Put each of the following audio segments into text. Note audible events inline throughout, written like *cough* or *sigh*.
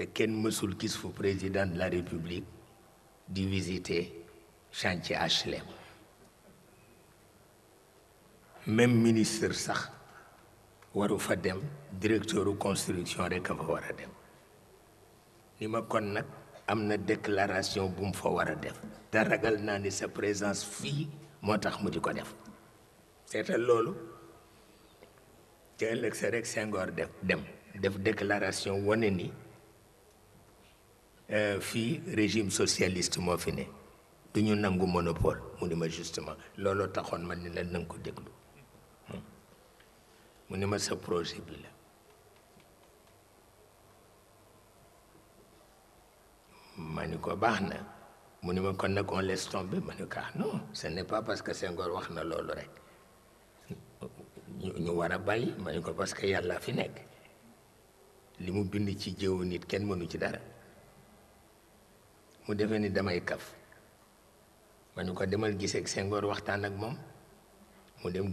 Ken Ken mësul gis fu président de la république di visiter chantier HLM même ministre sax waru fa dem directeur de construction rek a fa war a dem ni kon déclaration bu mu fa war a def sa présence fille, moo mu di ko def seetal loolu dem def déclaration ni euh, fi régime socialiste mo fi ne du ñu nangu monopole mu ma justement Lolo taxone man ni la nanga ko déglu hmm. mu ni ma sa projet bi la ma ko baax mu ma kon nak on laisse tomber ma ni ah non ce n'est pas parce que c'est ngor waxna lolo. rek ñu wara a bàyyi ko parce que yalla fi nekk limu bind ci jëw nit kenn mënu ci dara mu suis ni kaf ma ko demal waxtaan ak mu dem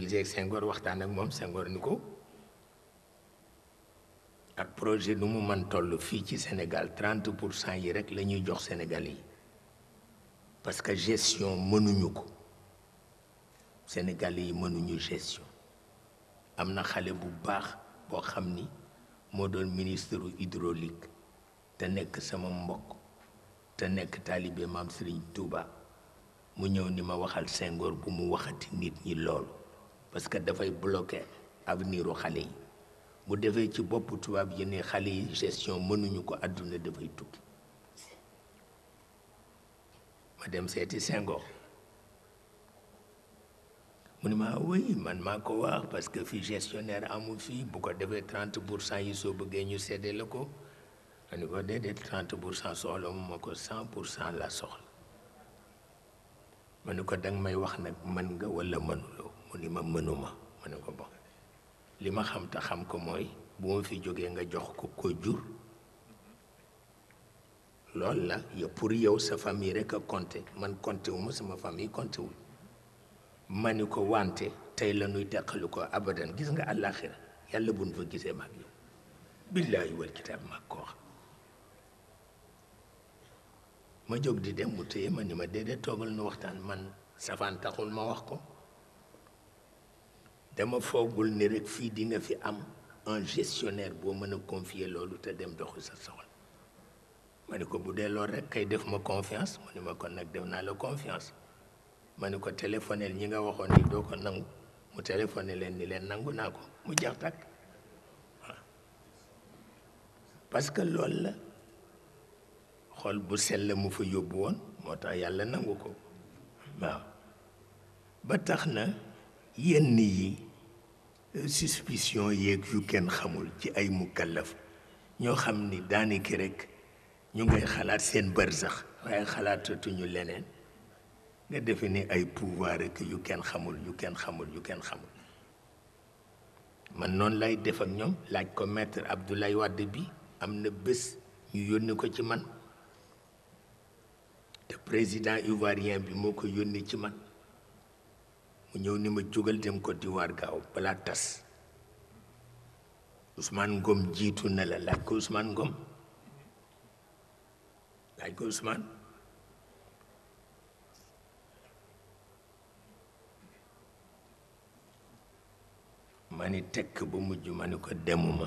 projet nu man Sénégal 30% pour le yi rek la jox Sénégalais parce que gestion mënuñu ko Sénégalais yi mënuñu gestion am na bu baax doon ministre hydraulique te te nekk taalibe maam Serigne Touba mu ñëw ni ma waxal sengoor bu mu waxati nit ñi loolu parce que dafay ab aveniru xale yi mu defee ci boppu tubaab yi ne xale yi gestion mënuñu ko àdduna dafay tukki ma dem seeti Senghor mu ne ma oui man maa ko wax parce que fii gestionnaire amul fii bu ko defee trente pour cent yi soo bëggee ñu seddee la ko ma ni ko déedéet trente pour cent soxla mu ko cent pour cent la soxla ma ni ko danga may wax nag mën nga walla mënuloo mu ni ma mënuma ma ni ko bon li ma xam te xam ko mooy bu fi jógee nga jox ko ko jur loolu la yow pour yow sa famille rek a compté man compté wu ma sama famille compté wul ma ni ko wante tey la nuy deqalu ko abadan gis nga àllaaxira yàlla buñ fa gisee maag yow billaahi wal kitaab maag koo xam ma jog di dem mu ma ni ma man safaan taxul ma wax ko dama foogul ni rek fii dina fi un gestionnaire boo mën confier Je te dem doxu sa soxla ma ni rek ma confiance mu ni kon nag la confiance ma ni ko ñi nga mu ni parce que loolu xol bu sell mu fa yóbbu woon moo tax yàlla nangu ko waaw ba tax na yenn yi suspicion yeeg yu kenn xamul ci ay mukallaf ñoo xam ni daaniki rek ñu ngay xalaat seen bër sax waaye xalaatatuñu leneen nga defe ni ay pouvoir rek yu kenn xamul yu kenn xamul yu kenn xamul man noonu lay def ak ñoom laaj ko maître Abdoulaye Wade bi am na bés ñu yónni ko ci man président ivoirien bi moo ko yónnee ci man mu ñëw ni ma jógal dem Côte d'Ivoire gaaw balaa tas Ousmane Ngom jiitu na la laaj ko Ousmane Ngom laaj ko Ousmane ma tekk ba mujj ma ni ko demuma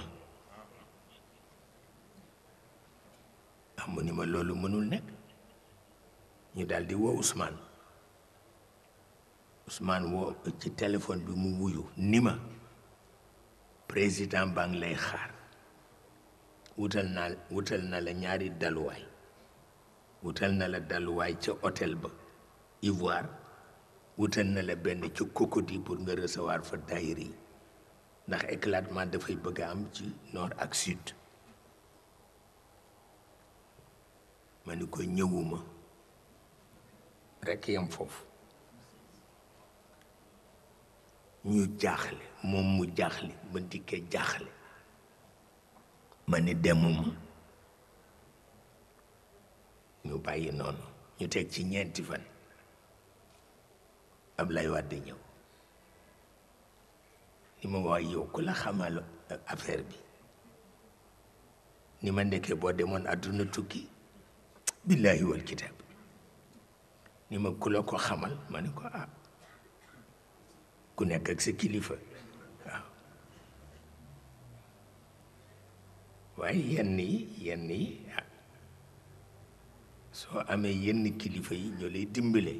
amu ah, ni ma loolu mënul nekk ñu daldi di woo Ousmane Ousmane woo ci téléphone bi mu wuyu ni ma président baa ngi lay xaar wutal naa wutal na la ñaari daluwaay wutal na la daluwaay ca hôtel ba Ivoire wutal na la benn ci Cocody pour nga recevoir fa daayira yi ndax éclatement dafay bëgg am ci noor ak sud ma ni ko ñëwuma rekk yam foofu ñu jaaxle moom mu jaaxle ba dikkee jaaxle ma ni demuma ñu bàyyi noonu ñu teg ci ñeenti fan ab Ablaye Wade ñëw ni ma wax yow ku la xamal affaire bi ni ma nekkee boo demoon àdduna tukki billaahi wal kitaab ni ma ku la ko xamal ma ni ko ah ku nekk ak sa kilifa waaw waaye yenn yi yenn yi ah soo amee yenn kilifa yi ñoo lay dimbale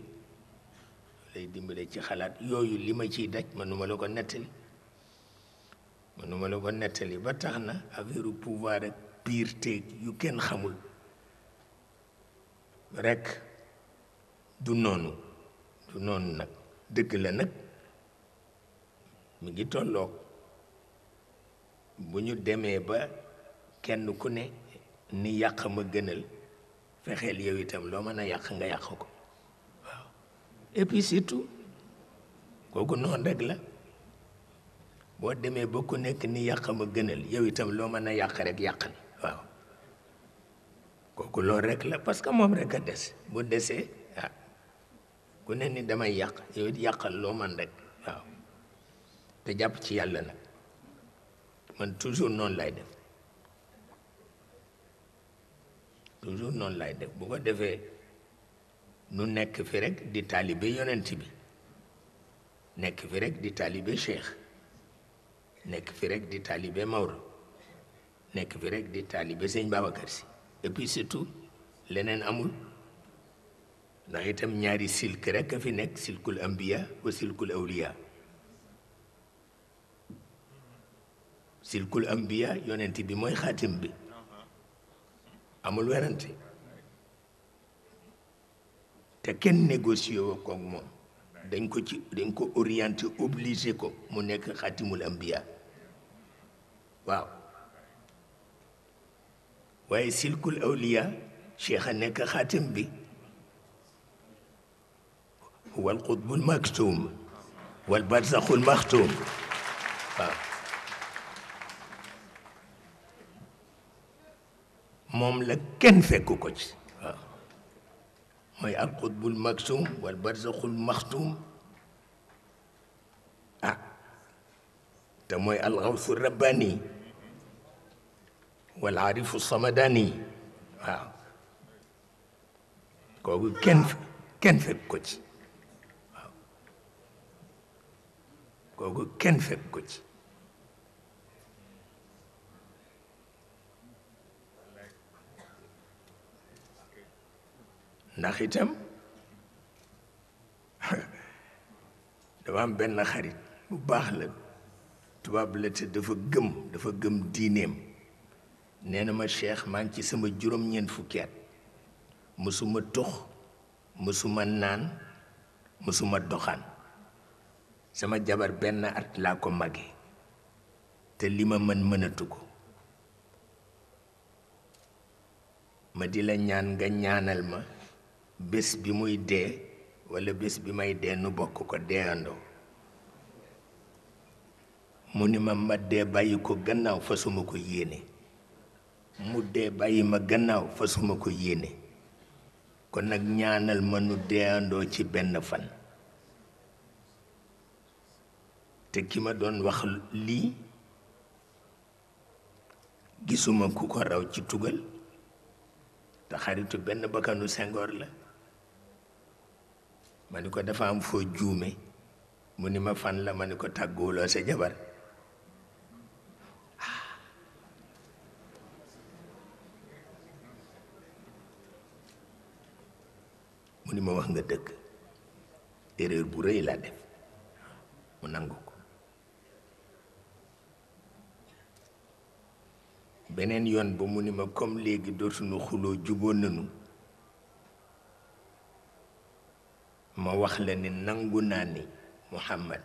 ñoo lay dimbale ci xalaat yooyu li ma ciy daj mënuma la ko nettali mënuma la ko nettali ba tax na affaire pouvoir ak piir teeg yu kenn xamul rek du noonu du noonu nag dëgg la nag mu ngi tolloog bu ñu demee ba kenn ku ne ni yàq ma gënal fexeel yow itam loo mën a yàq nga yàq ko waaw et puis surtout kooku noonu rek la boo demee ba ku nekk ni yàq ma gënal yow itam loo mën a yàq rek yàqal waaw kooku loolu rek la parce que moom rek a des bu desee ku ne ni damay yàq yow yàqal loo man rek waaw te jàpp ci yàlla nag man toujours noonu lay def toujours noonu lay def bu ko defee nu nekk fi rek di taalibe yonent bi nekk fi rek di taalibe cheikh nekk fi rek di taalibe Maodo nekk fi rek di taalibe sëñ Babacar si et puis leneen amul ndax itam ñaari silk rekk fi nekk silkul ambiya wa silkul awliya silkul ambiya yonent bi mooy xaatim bi amul werante te kenn négocié woo koog moom dañ ko ci dañ ko orienté obligé ko mu nekk xaatimul ambiya waaw waaye silkul awliya cheikh a nekk xaatim bi والقطب المكتوم والبرزخ المختوم ف... مملك كن فكوكوت ما القطب المكتوم والبرزخ المختوم تموي الغوث الرباني والعارف الصمداني ها كوكو كن كن فكوكوت kooku kenn fekk ko ci ndax itam *laughs* dafa am benn xarit bu baax la tubaab la te dafa gëm dafa gëm diineem nee na ma cheikh maa ngi ci sama juróom-ñeent fukki at mësuma tux mësuma naan mësuma doxaan sama jabar benn at laa ko mage te li ma mën mënatu ko ma di la ñaan nga ñaanal ma bés bi muy dee walla bés bi may dee nu bokk ko deeyandoo mu ni ma ma dee bàyyi ko gannaaw fasuma ko yéene mu dee bàyyi ma gannaaw fasuma ko yéene kon nag ñaanal ma nu deeyandoo ci benn fan te ki ma doon wax lii gisuma ku ko raw ci tugal te xaritu benn bakkanu sengoor la ma ni ko dafa am foo juume mu ni ma fan la ma ni ko tàgguwuloo sa jabar mu ni ma wax nga dëgg erreur bu rëy laa def mu nangu ko benen yoon ba mu ni ma comme léegi dootuñu xuloo ma wax la nangu naa Muhammad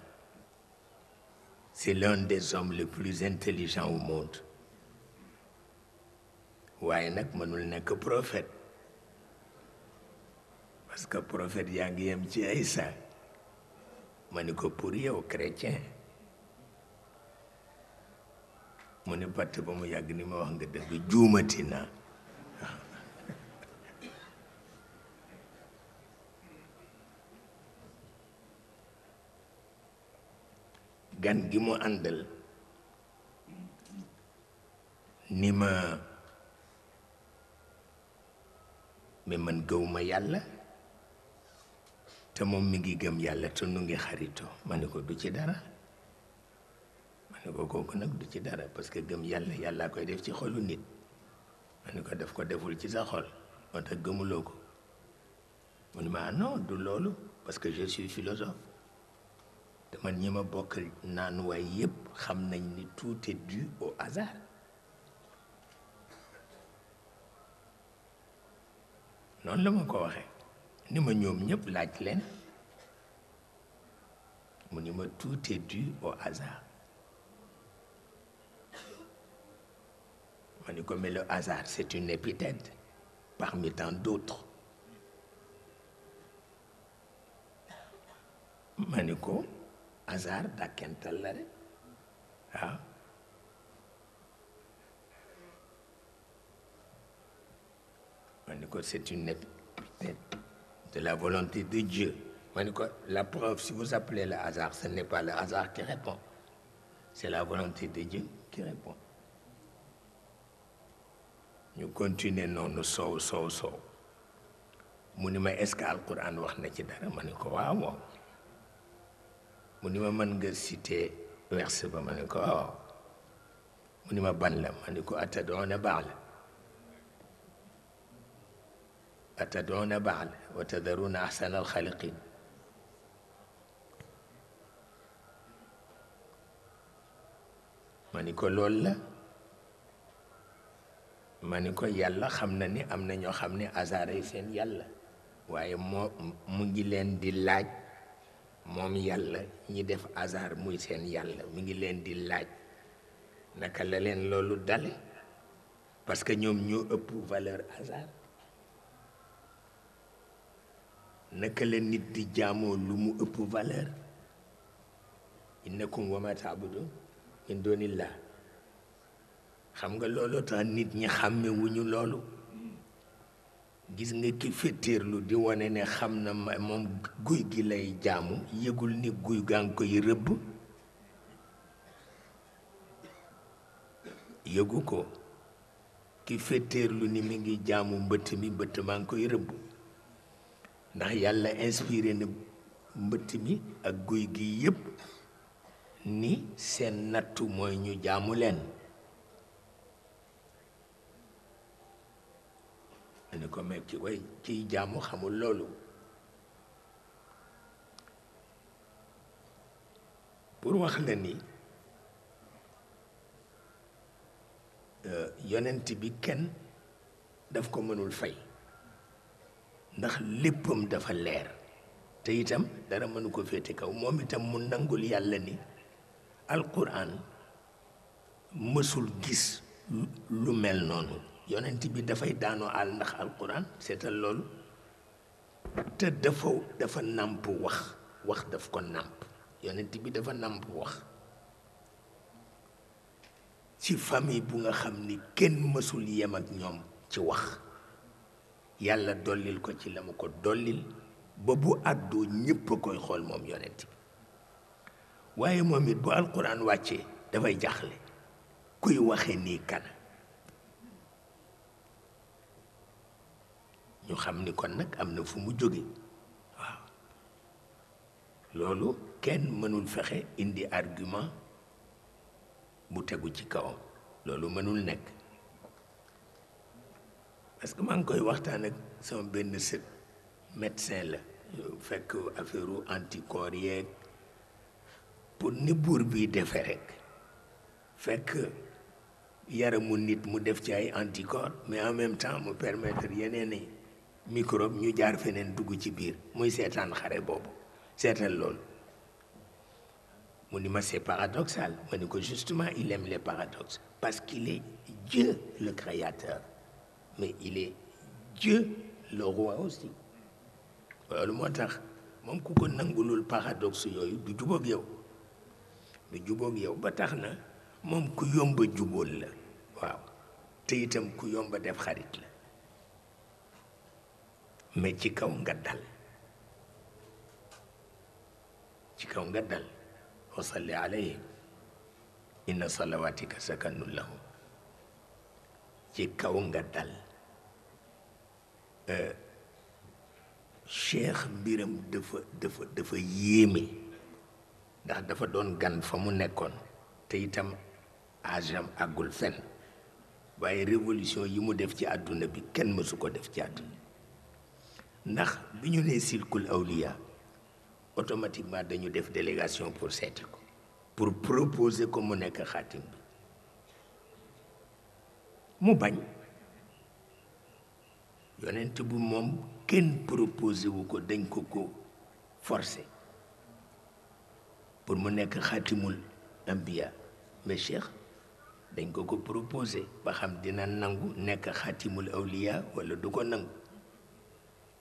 c'est l'un des hommes les plus intelligents au monde waaye nag mënul nekk prophète parce que prophète yaa ngi yem ci Isa ma ni ko pour chrétien mu ne patt ba mu yàgg ni ma wax nga dëgg juumati naa gan gi mu àndal ni ma mais man gëwma yàlla te moom mi ngi gëm yàlla te nu ngi xaritoo ma ne ko du ci dara parce que gëm yàlla yàllaa koy def ci xolu nit def ko deful ci sa xol moo tax gëmuloo ah parce que je suis philosophe te man ñi ma xam ni tout est dû au hasard Non, la ma ko ni ma laaj tout est dû au hasard mais le hasard, c'est une épithète parmi tant d'autres. Maniko hasard ah. c'est une épithète de la volonté de Dieu la preuve si vous appelez le hasard ce n'est pas le hasard qui répond c'est la volonté de Dieu qui répond ñu continuer noonu soow soow soow mu ni ma est-ce que alquran wax na ci dara ma ni ko waaw moom mu ni ma man nga cité verset ba ma ni ko waaw mu ni ma ban la ma ni ko atadona baax la atadoona baax la wa tadaruna ahsana alxaliqin ma ni ko loolu la ma ni ko yàlla xam na ni am na ñoo xam ne hasard ay seen yàlla waaye moo mu ngi leen di laaj moom yàlla ñi def hasard muy seen yàlla mu ngi leen di laaj naka la leen loolu dale parce que ñoom ñoo ëpp valeur hasard naka la nit di jaamoo lu mu ëpp valeur innakum wa ma taabudun min doonillah xam nga loolu tax nit ñi xàmme loolu gis nga ki féttéerlu di wone ne xam na ma moom guy gi lay jaamu yëgul ni guy gaa ngi koy rëbb yëgu ko ki féttéerlu ni mi ngi jaamu mbëtt mi mbëtt maa ngi koy rëbb ndax yàlla inspiré na mbëtt mi ak guy gi yépp ni seen nattu mooy ñu jaamu leen ne ko mais ki way kii jaamu xamul loolu pour wax la ni yonent bi kenn daf ko mënul fay ndax léppam dafa leer te itam dara mënu ko féete kaw moom itam mu nangul yàlla ni alquran mësul gis lu mel noonu yonent bi dafay daanoo àll ndax alquran seetal loolu te dafa dafa nàmp wax wax daf ko nàmp yonent bi dafa nàmp wax ci famille bu nga xam ni kenn mësul yem ak ñoom ci wax yàlla dollil ko ci la mu ko dollil ba bu àddoo ñépp a koy xool moom yonent bi waaye moom it bu alquran wàccee dafay jaxle kuy waxe nii kana ñu xam ni kon nag am na fu mu jóge waaw loolu kenn mënul fexe indi argument bu tegu ci kawam loolu mënul nekk parce que maa ngi koy waxtaan ak sama benn sët médecin la fekk affaire anticorps yeeg pour ni buur bi defe rek fekk yaramu nit mu def ci ay anticorps mais en même temps mu permettre yeneen yi microbe ñu jaar feneen dugg ci biir muy seetaan xare boobu seetal loolu mu ni ma c'est paradoxal ma ni ko justement il aime les paradoxes parce qu'il est Dieu le créateur mais il est Dieu le roi aussi loolu moo tax moom ku ko nangulul paradoxe yooyu du jubóog yow du jubóog yow ba tax na moom ku yomba jubóol la waaw te itam ku yomba def xarit la mais ci kaw nga dal ci kaw nga dal wa salli alayhim inna salawatika sakanun ci kaw nga dal euh, cheikh mbiram dafa dafa dafa yéeme ndax dafa doon gan fa mu nekkoon te itam agam àggul fenn waaye révolution yi mu def ci àdduna bi kenn mësu ko def ci àdduna ndax bi ñu nee circul awliya automatiquement dañu def délégation pour seeti ko pour proposer ko mu nekk xaatim bi mu bañ yonent bu moom kenn proposé wu ko dañ ko ko forcé pour mu nekk xaatimul ambiya mais cheikh dañ ko ko proposé ba xam dina nangu nekk xaatimul awliya wala du ko nangu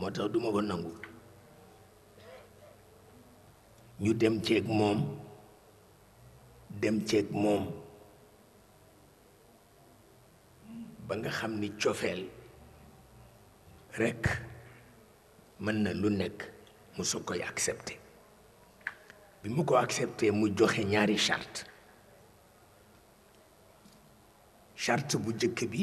moo tax duma ko nangu ñu dem ceeg moom dem ceeg moom ba nga xam ni cofeel rekk mën na lu nekk mu soog koy accepté bi mu ko accepté mu joxe ñaari chart charte bu jëkk bi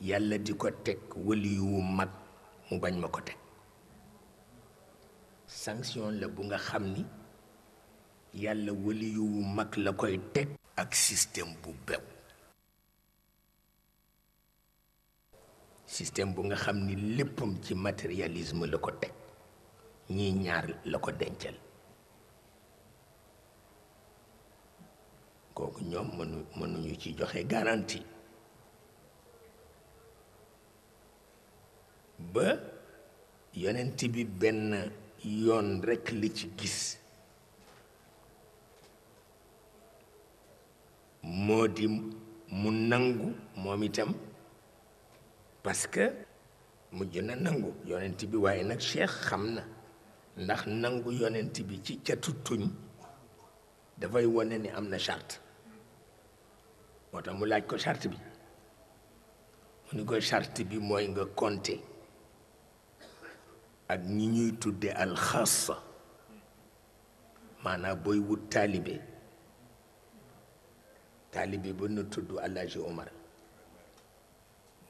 yàlla di ko teg wëli mag mu bañ ma ko teg sanction la bu nga xam ni yàlla wëli wu mag la koy teg ak système bu bew système bu nga xam ni léppam ci matérialism la ko teg ñii ñaar la ko dencal kooku ñoom mënu mënuñu ci joxe garanti ba yonent bi benn yoon rekk li ci gis moo di mu nangu moom itam parce que mujj na nangu yonent bi waaye nag cheikh xam na ndax nangu yonent bi ci catu tuñ dafay wone ni am na chart moo tax mu laaj ko chart bi mu ni ko chart bi mooy nga compter ak ni ñuy tudde alxaasa maanaam booy wut taalibe taalibe ba na tudd Alaaji Omar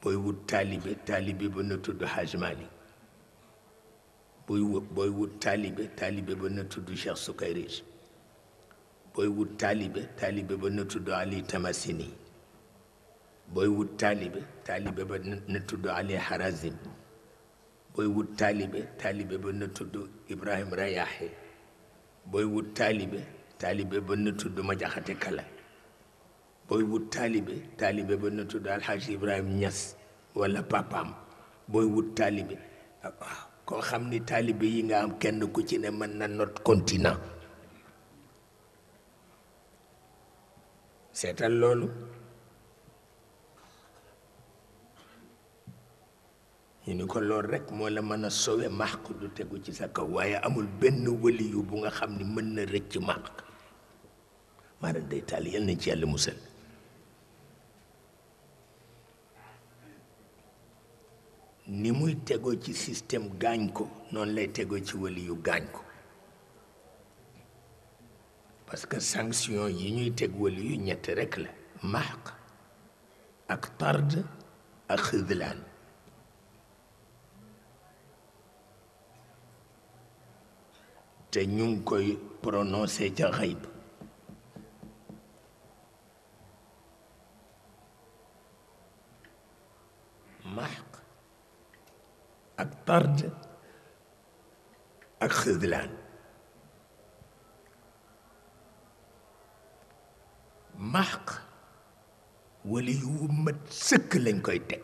booy wut taalibe taalibe ba na tudd Haj Malik wut booy wut taalibe taalibe ba na tudd Cheikh Sukayrij booy wut taalibe taalibe ba na tudd Ali Tamasini booy wut taalibe taalibe ba na tudd Ali Harazim booy wut taalibe taalibe ba na tudd Ibrahima Rayaaxe booy wut taalibe taalibe ba tudd ma kala booy wut taalibe taalibe ba tudd Alxaaji Ibrahima Ñas wala papam booy wut taalibe waaw koo ni taalibe yi nga am kenn ku ci ne mën na not continent seetal loolu ñu ni ko lool rekk moo la mën a soowee màq du tegu ci sa kaw waaye amul benn waliyu bu nga xam ni mën na rëcc màq maanaam day taal yal nañ ci yàlla musal ni muy tegoo ci système gaañ ko noonu lay tegoo ci waliyu gaañ ko parce que sanction yi ñuy teg waliyu ñett rekk la mahq ak tard ak xidlaan te ñu ngi koy prononcé ca xayb mahq ak tard ak xëdlaan mahq wali yu mat sëkk lañ koy teg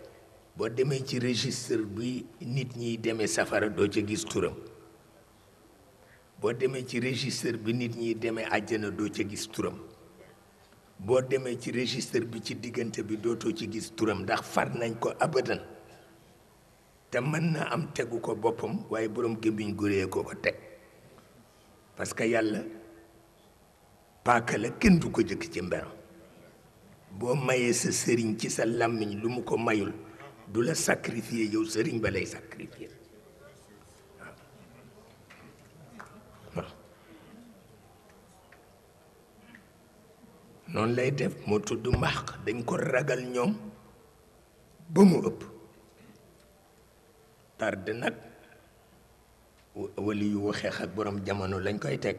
boo demee ci registre bi nit ñiy demee safara doo ca gis turam boo demee ci registre bi nit ñiy demee àjjana doo ca gis turam boo demee ci registre bi ci diggante bi dootoo ci gis turam ndax far nañ ko abadan te mën na am tegu ko boppam waaye borom gémmiñ guree ko ko teg parce que yàlla paaka la kenn du ko jëkk ci mberam boo mayee sa sëriñ ci sa làmmiñ lu mu ko mayul dula sacrifié yow sëriñ ba lay sacrifié noonu lay def moo tudd mbaax dañ ko ragal ñoom ba mu ëpp tarde nag wali yu xeex ak borom jamono lañ koy teg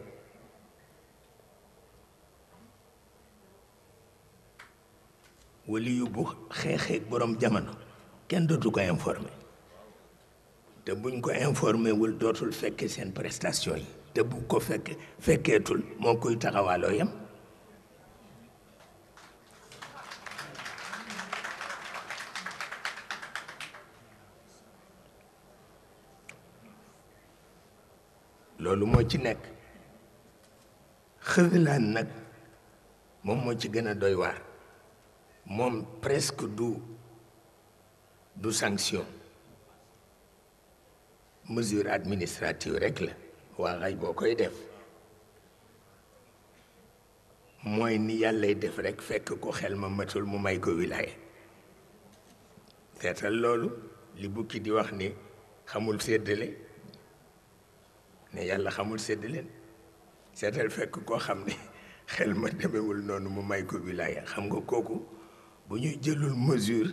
wali yu bu xeexee borom jamono kenn dootu ko informé te buñ ko informé wul dootul seen prestation yi te bu ko fekkeetul moo koy taxawaaloo yam loolu ci nekk nag moom moo ci gën doy presque doux du sanction mesure administrative rek la waa xaj boo def moy ni yàllay def rek fekk ko xel ma matul mu may ko wilaaye seetal loolu li bukki di wax ni xamul séddale ne yalla xamul séddale seetal fekk ko xam xel ma demewul nonu mu may ko wilaaye xam nga kooku buñu jëlul mesure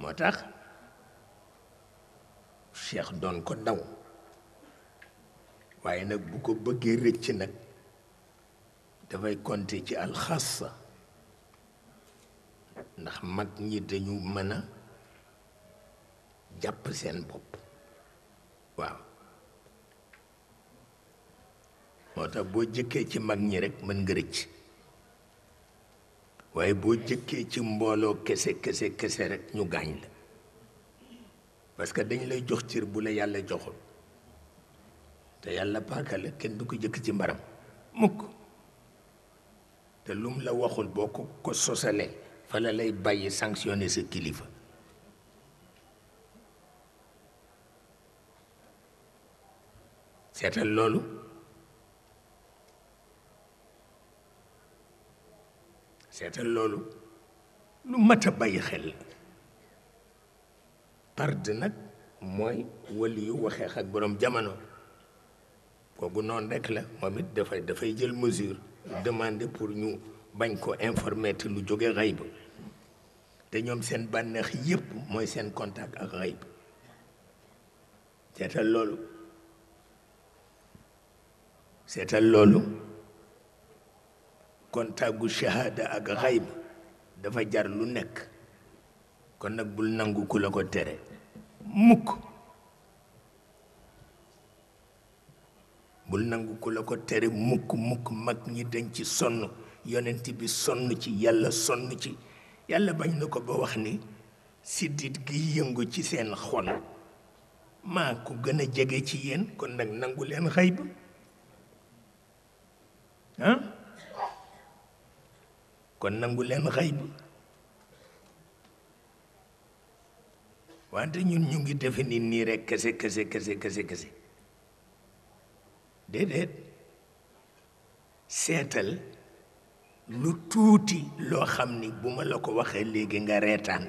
moo tax cheikh doon ko daw waaye nag bu ko bëggee rëcc nag dafay compter ci alxassa ndax mag ñi dañu mën a jàpp seen bopp waaw moo tax boo jëkkee ci mag ñi rekk mën nga rëcc waaye boo jëkkee ci mbooloo kese kese kese rek ñu gaañ la parce que dañ lay jox cir bu la yàlla joxul te yàlla paaka la kenn du ko jëkk ci mbaram mukk te lum la waxul boo ko ko sosalee fa la lay bàyyi sanctionner sa kilifa seetal loolu seetal loolu lu mat a bàyyi xel pard nag mooy wali yu ak boroom jamono kooku noonu rekk la moom it dafay dafay jël mesure demander pour ñu bañ ko informer te lu jóge xayb te ñoom seen bànneex yépp mooy seen contact ak xayb seetal loolu seetal loolu kon tàggu shahada ak xayb dafa jar lu nekk kon nag bul nangu ku la ko tere mukk bul nangu ku ko tere mukk mukk mag ñi dañ ci sonn yonent bi sonn ci yàlla sonn ci yàlla bañ na ko ba wax ni siddit gi yëngu ci seen xol maa ku gëna jege ci yéen kon nag nangu leen xayb ah kon nangu leen xayb wante ñun ñu ngi defe nit nii rek kese kese kese kese kese déedéet seetal lu tuuti loo xam ni bu ma la ko waxee léegi nga reetaan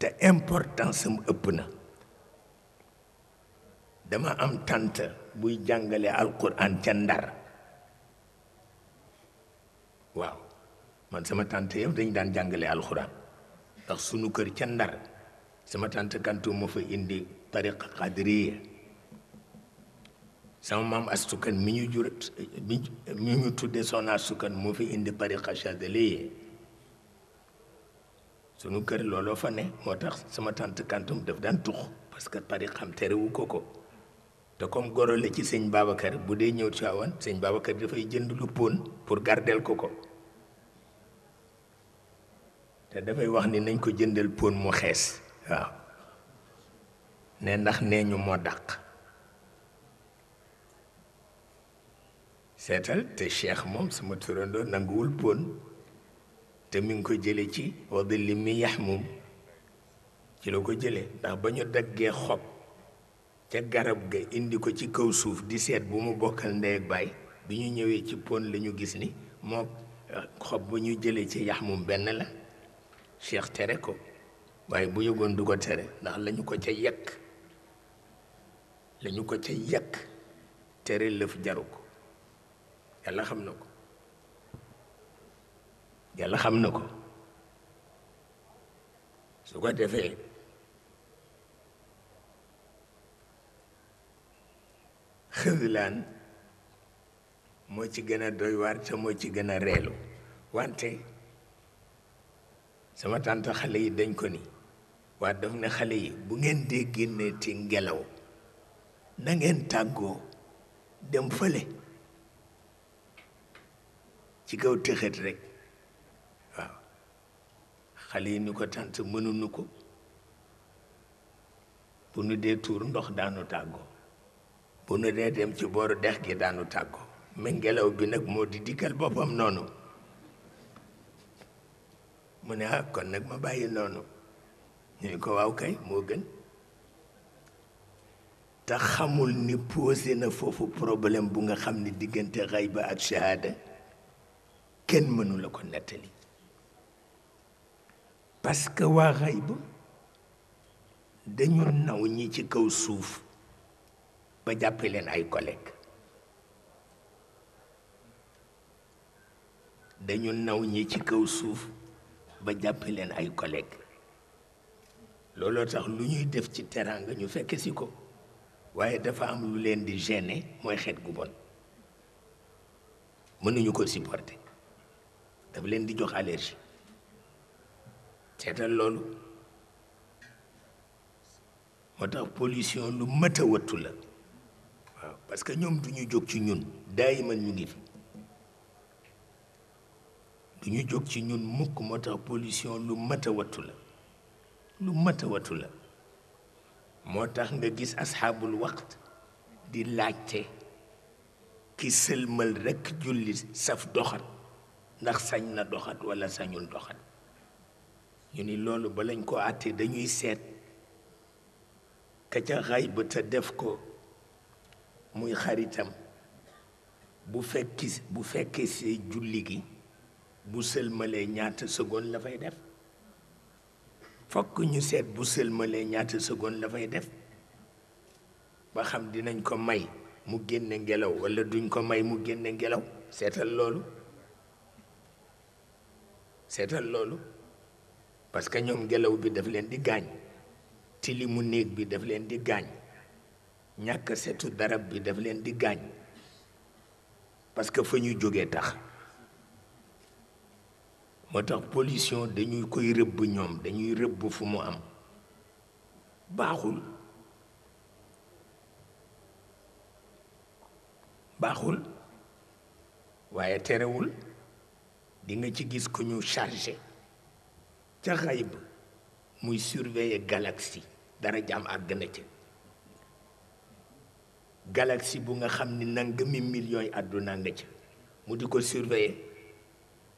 te importance am ëpp na dama am tante buy jàngale alquran ca ndar man sama tante dañ daan jàngale alxuraan ndax sunu kër ca ndar sama tante kantu ma fa indi tariqa qadiriya sama maam astukan mi ñu jur mi ñu tudde soxna astukan moo fi indi tariqa chadiliya sunu kër looloo fa ne moo tax sama tante kantum daf daan tux parce que tariqam terewu ko ko te comme goro la ci sëñ Babacar bu dee ñëw Tiwaawan sëñ Babacar dafay jënd lu pon pour gardel ko ko te dafay wax ni nañ ko jëndal pon mu xees waaw ne ndax nee ñu moo dàq seetal te cheikh moom sama turandoo nanguwul pon te mi ngi ko jële ci wadi li mi yax moom ci la ko jële ndax ba ñu daggee xob ca garab ga indi ko ci kaw suuf di seet bu mu bokkal ndey ak baay bi ñu ñëwee ci pon lañu gis ni moo eh, xob ba ñu jële ci yax moom benn la cheikh tere ko waaye bu yogoon du ko tere ndax lañu ko ca yekk lañu ko ca yekk tere lëf jaru ko yàlla xam na ko yàlla xam na ko su ko defee xëglaan moo ci gën a doy waar te moo ci gën a reelu wante sama tànt xale yi dañ ko ni waa daf ne xale yi bu ngeen dee génnee ci ngelaw na ngeen tàggoo dem fële ci kaw téxet rek waaw xale yi ni ko tànt mënuñu ko bu nu dee tuur ndox daanu tàggoo bu nu dee dem ci booru dex gi daanu tàggoo mais ngelaw bi nag moo di dikkal boppam noonu mu ne ah kon nag ma bàyyi noonu ñu ko waaw kay moo gën te xamul ni posé na foofu problème bu nga xam ni diggante xayba ak shahada kenn mënula ko nettali parce que waa xayba dañu naw ñi ci kaw suuf ba jàppe leen ay collègues dañu naw ñi ci kaw suuf ba jàppe leen ay collègue looloo tax lu ñuy def ci teraanga ñu fekke si ko waaye dafa am lu leen di gêner mooy xeet gu bon mën nañu ko supporter dafa leen di jox allergie seetal loolu moo tax pollution lu mët a wattu la waaw parce que ñoom du ñu jóg ci ñun man ñu ngi du ñu jóg ci ñun mukk moo tax pollution lu mat la lu mat la moo tax nga gis asxaabul waqt di laajte ki sëlmal rekk julli saf doxat ndax sañ na doxat walla sañul doxat ñu ni loolu ba lañ ko àttee dañuy seet ka ca xay ba te def ko muy xaritam bu fekki bu fekkee see julli gi bu sëlmalee ñaata seconde la fay def fokk ñu seet bu sëlmalee ñaata seconde la fay def ba xam dinañ ko may mu génne ngelaw walla duñ ko may mu génne ngelaw seetal loolu seetal loolu parce que ñoom ngelaw bi daf leen di gaañ tilimu néeg bi daf leen di gaañ ñàkk seetu darab bi daf leen di gaañ parce que fa ñu jógee tax moo tax pollution dañuy koy rëbb ñoom dañuy rëbb fu mu am baaxul baaxul waaye terewul dinga ci gis ko ñu charge ca xayb muy surveiller galaxie dara jaam àgg na ca galaxie bu nga xam ni nangami millions yi àdduna nga ci mu di ko surveiller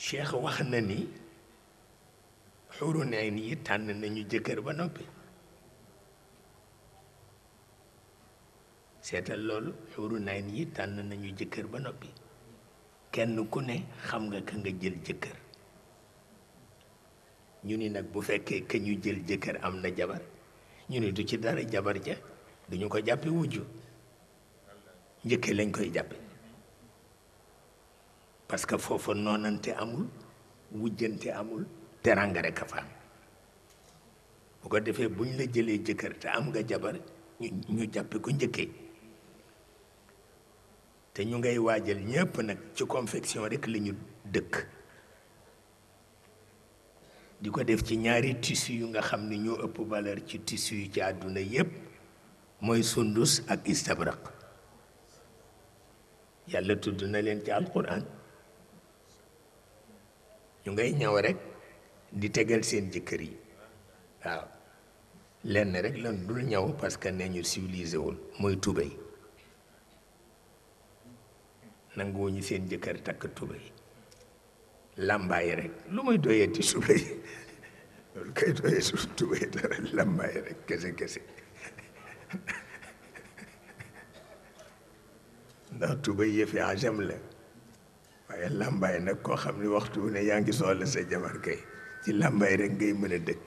cheikh wax na ni xuuru neen yi tànn nañu jëkkër ba noppi seetal loolu xuuru neen yi tànn nañu jëkkër ba noppi kenn ku ne xam nga ka nga jël jëkkër ñu ni nag bu fekkee ka ñu jël jëkkër am na jabar ñu ni du ci dara jabar ja duñu ko jàppe wujju njëkke lañ koy jàppe parce que foofa noonante amul wujjante amul teranga rek a fa am bu ko defee buñ la jëlee jëkkër te am nga jabar ñu ñu jàppe ko njëkkee te ñu ngay waajal ñépp nag ci confection rekk la ñu dëkk di ko def ci ñaari tissu yu nga xam ni ñoo ëpp valeur ci tissu yu ci àdduna yépp mooy sundus ak istabraq yàlla tudd na leen ci alquran ñu ngay ñëw rek di tegal seen jëkkër yi waaw lenn rek lan dul ñëw parce que nee ñu civilisé wul mooy tubéy nanguwuñu seen jëkkër takk tubéy làmbaay rek lu muy doyee ci tubéy loolu kay doyee su tubéy dara làmbaay rek kese kese ndax tubéy yëfi ajam la waaye làmbaay nag koo xam ne waxtu wu ne yaa ngi soxla sa jabar kay ci làmbaay rek ngay mën a dëkk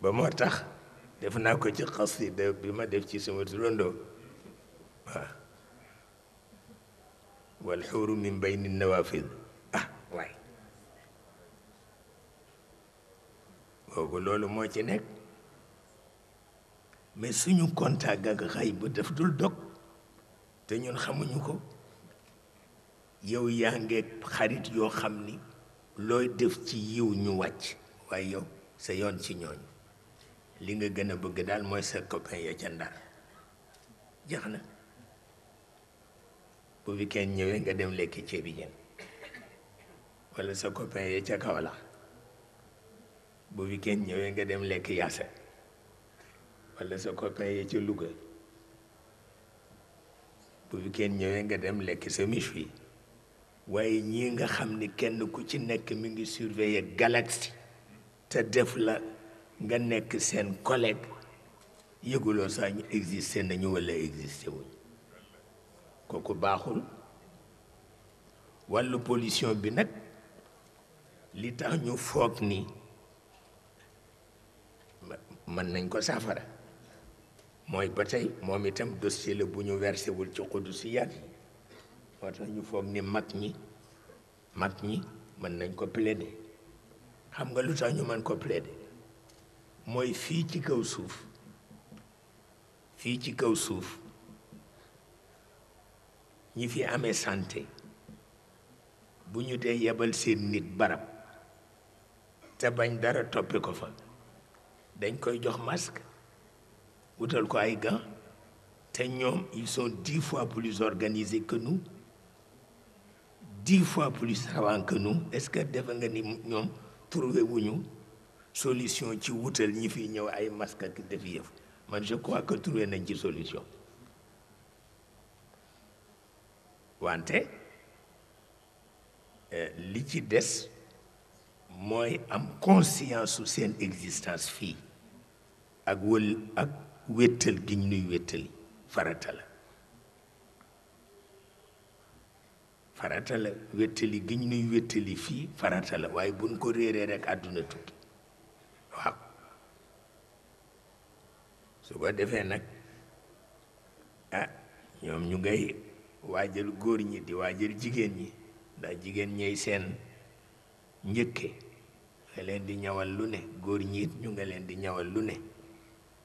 ba moo tax def naa ko ci xasida bi ma def ci sama turandoo waaw wal xuuru min bayni nawafil ah waay boobu loolu moo ci nekk mais suñu contact ak xay ba daf dul dog te ñun xamuñu ko yow yaa ngeeg xarit yoo xam ni looy def ci yiw ñu wàcc waaye yow sa yoon ci ñooñu li nga gën a bëgg daal mooy sa copain ya ca ndar jeex na bu kenn ñëwee nga dem lekki ceebi jën wala sa copain ya ca Kaolack bu weekend ñëwee nga dem lekk yaasa wala sa copain yi ca Louga bu fi kenn ñëwee nga dem lekk sa miche yi waaye ñii nga xam ni kenn ku ci nekk mi ngi surveiller galaxie te def la nga nekk seen collègue yëguloo saa ñu existé nañu wala existé wuñ kooku baaxul wàllu pollution bi nag li tax ñu foog ni mën nañ ko safara mooy ba tey moom itam dossier bu ñu versé wul ci xudusiyaat yi moo tax ñu foog ni mag ñi mag ñi mën nañ ko plaider xam nga lu tax ñu man ko plaider mooy fii ci kaw suuf fii ci kaw suuf ñi fi amee santé bu ñu dee yebal seen nit barab te bañ dara toppe ko fa dañ koy jox masque wutal ko ay gants te ñoom ils sont dix fois plus organisés que nous dix fois plus savants que nous est-ce que defe nga ni ñoom trouvé solution ci wutal ñi fi ñëw ay masque ak def man je crois que trouver nañ ci solution wante euh, li ci des mooy am conscience su seen existence fille, ak wël ak wéttal giñ nuy wéttali farata la farata la wéttali giñ nuy wéttali fii farata la waaye buñ ko réeree rek àdduna tukki waaw su ko defee nag ah ñoom ñu ngay waajal góor ñi di waajal jigéen ñi ndax jigéen ñey seen njëkke nga leen di ñawal lu ne góor ñi ñu nga leen di ñawal lu ne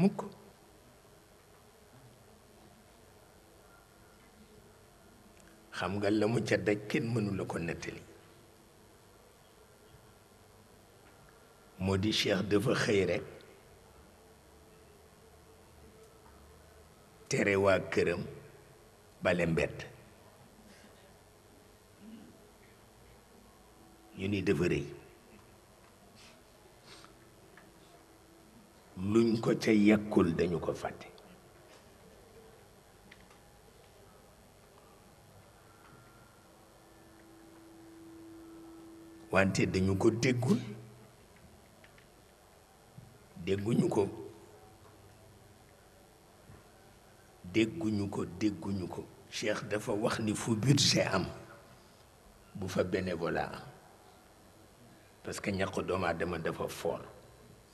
mukk xam nga la mu ca daj kenn mënu la ko nettali moo di Cheikh dafa xëy rekk tere waa këram bale mbett ñu ni dafa rëy luñ ko ca yekkul dañu ko fàtte wante dañu ko déggul dégguñu ko dégguñu ko dégguñu ko cheikh dafa wax ni fu budget am bu fa bénévolat am parce que ñàkk doomu aadama dafa foor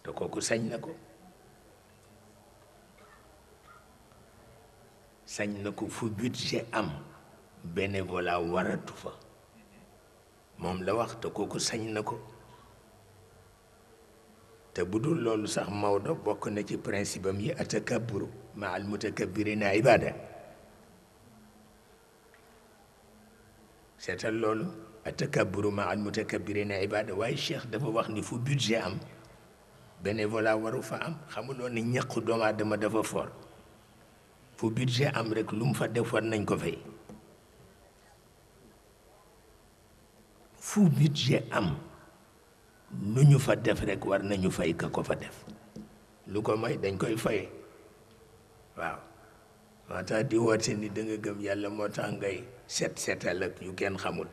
te kooku sañ na ko sañ na ko fu budget am bénévolat waratu fa moom la wax te kooku sañ na ko te bu dul loolu sax Maodo bokk na ci principe am yi atakabburu ma al mutakabbirina ibada seetal loolu atakabburu ma al mutakabbirina ibada waaye Cheikh dafa wax ni fu budget am bénévolat waru fa am xamuloo ne ñàkk doomu aadama dafa fort fu budget am rek lu mu fa def war nañ ko fay fu budget am lu ñu fa def rek war nañu fay ka ko fa def lu ko may dañ koy fay waaw moo tax di woote ni da gëm yàlla moo tax ngay seet setal ak yu kenn xamul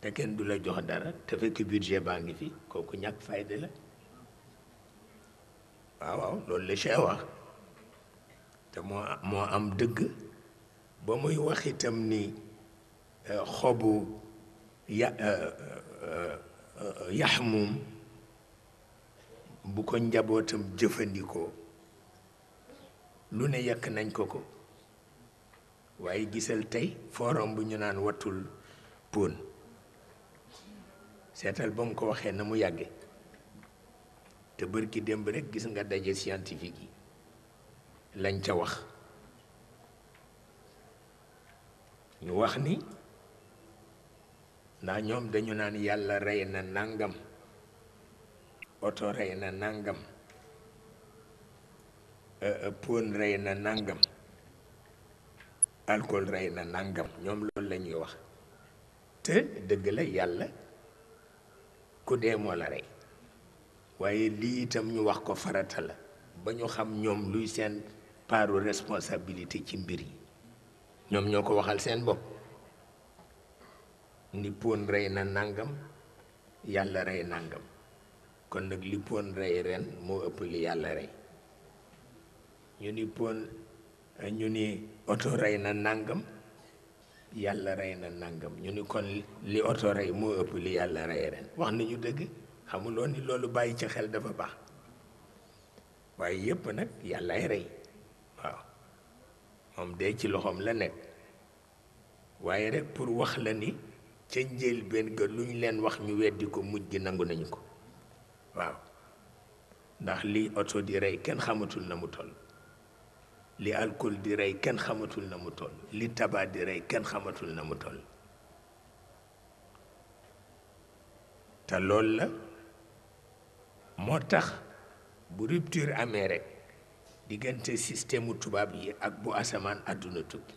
te kenn du la jox dara te fekk budget baa ngi fi kooku ñàkk fayde la waaw waaw loolu la Cheikh wax te moo moo am dëgg ba muy wax itam ni euh, xobu ya euh, euh, yax moom bu ko njabootam jëfandikoo lu ne yàq nañ ko ko waaye gisal tey forum bu ñu naan wattul pon seetal ba mu ko waxee na mu yàgge te bërki démb rek gis nga daje scientifique yi lañ ca wax ñu wax ni ndax ñoom dañu naan yàlla rey na nangam oto rey na nangam e, e, pon rey na nangam alcool rey na nangam ñoom loolu la wax te dëgg la yàlla ku dee moo la rey waaye lii itam ñu wax ko farata la ba ñu xam ñoom luy seen paaru responsabilité ci mbir yi ñoom ñoo ko waxal seen bopp ni poon rey na nangam yàlla rey nangam kon nag li poon rey ren moo ëpp li yàlla rey ñu ni ñu ni oto rey na nangam yàlla rey na nangam ñu ni li oto rey moo ëpp li yàlla rey ren wax nañu dëgg xamuloo ni loolu bàyyi ci xel dafa baax waaye yépp nag yàllaay rey moom de ci loxoom la nekk waaye rek pour wax la ni ca njëlbéen ga lu ñu leen wax ñu weddi ko mujj gi nangu nañu ko waaw ndax li oto di rey kenn xamatul na mu toll li alcool di rey kenn xamatul na mu toll li xamatul na mu toll te lool la moo tax bu rupture amee rekk système yi ak bu asaman aduna tukki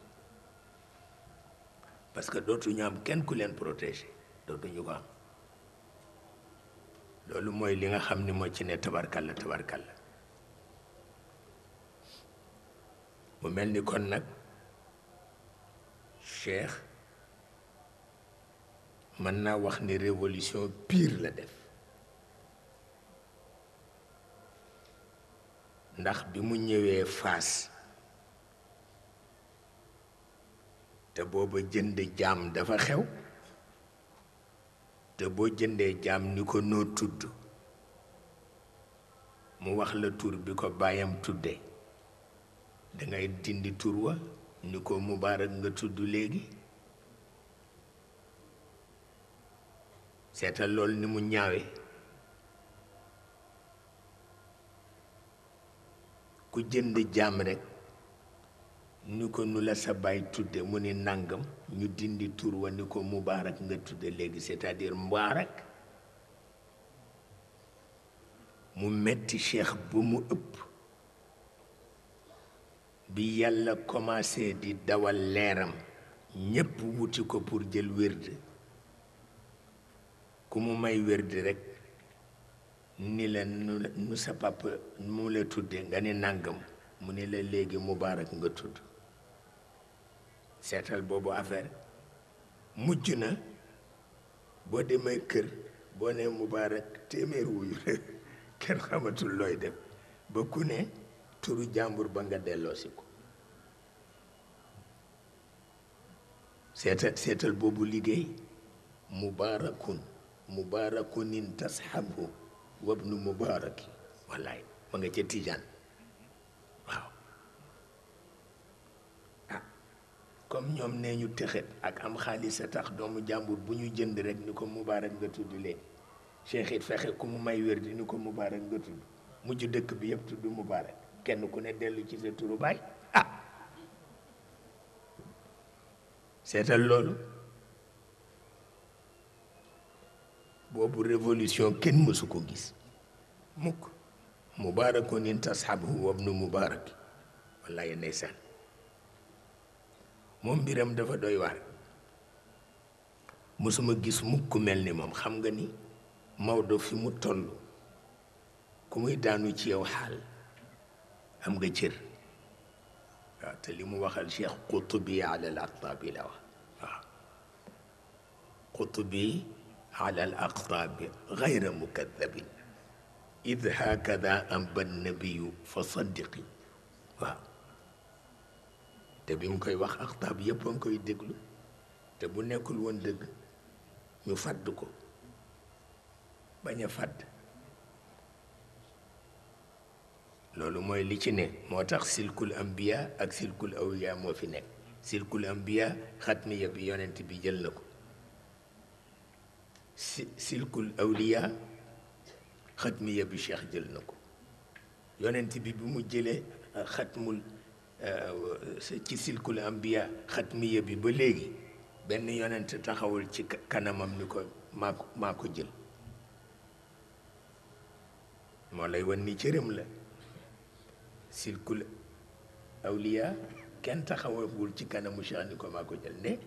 parce que d'autres am kenn ku leen protéger dootuñu ko am loolu mooy li nga ni ci ne Cheikh wax ni révolution pire la ndax bi mu ñëwee fas te booba jënd jaam dafa xew te boo jëndee jaam ni ko noo tudd mu wax la tur bi ko baayam tudde dangay dindi tur wa ni ko mubaarak nga tudd léegi seetal lool ni mu ñaawe ku jënd jaam rekk ni ko nu la sa baay tudde mu ni nàngam ñu dindi tur wa ni ko mubaarak nga tudde léegi c'est-à-dire mbaarak mu metti cheikh ba mu ëpp bi yàlla commencé di dawal leeram ñépp wuti ko pour jël wérd ku mu may wérd rekk ni la nu sa papa mu la tudde nga ni nàngam mu ni la léegi mubaarak nga tudd seetal boobu affaire mujj na boo demee kër boo nee mubaarak téeméer wuyu *laughs* kenn xamatul looy dem ba ku ne turu jàmbur ba nga delloosi ko seetal seetal boobu liggéey mubaarakun mubaarakunin tasxabu wabnu mubarak wallaay ma nga ca tijaan waaw ah comme ñoom nee ñu texet ak am xaalis a tax doomu jàmbur bu ñu jënd rek ni ko mubaarak nga tudd leen cheikh it fexe ku mu may wér di ni ko mubaarak nga tudd mujj dëkk bi yëpp tudd mubaarak kenn ku ne dellu ci sa turu baay ah seetal loolu boobu révolution ken mësu ko gis mukk mubaarakun in tasxabhu wabnu mubaarak wallaay ndeysaan moom mbiram dafa doy waar mësuma gis mukk mel ni moom xam nga ni Maodo fi mu toll ku muy daanu ci yow xaal am nga cër waaw te li waxal Cheikh Qutbi ala al Aqtabi la wax Qutbi على الأقطاب غير مكذب إذ هكذا أنبى النبي فصدقي وا تبي مكوي وخ أقطاب يبقى مكوي دقلو تبو نكل وان دق مفدكو بني فد لولو موي لي سي نه موتاخ سلك الانبياء اك سلك الاولياء مو في نه سلك الانبياء ختم يبي يونت silkul awliya xatmiya bi cheikh jël na ko yonent bi bi mu jëlee xatmul ci silkul ambiya xatmiya bi ba léegi benn yonent taxawul ci kanamam ni ko maa ko maa ko jël moo lay wan ni cëram la silkul awliya kenn taxawagul ci kanamu cheikh ni ko maa ko jël ne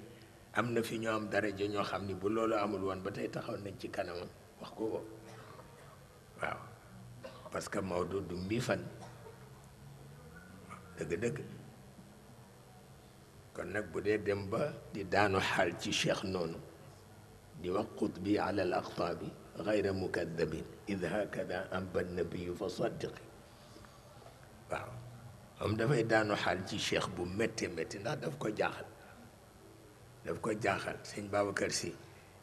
am na fi ñoo am daraja ñoo xam ni bu loolu amul woon ba tey taxaw nañ ci kanamam wax ko ko waaw parce que Maodo du mbii fan dëgg-dëgg kon nag bu dee dem ba di daanu xaal ci cheikh noonu di wax qutbi ala al aqtaabi gayra mukadabin id hakada amba nabiyu fa saddiqi waaw moom dafay daanu xaal ci cheikh bu métti métti ndax daf ko jaaxal daf ko jaaxal sëñ Babacar si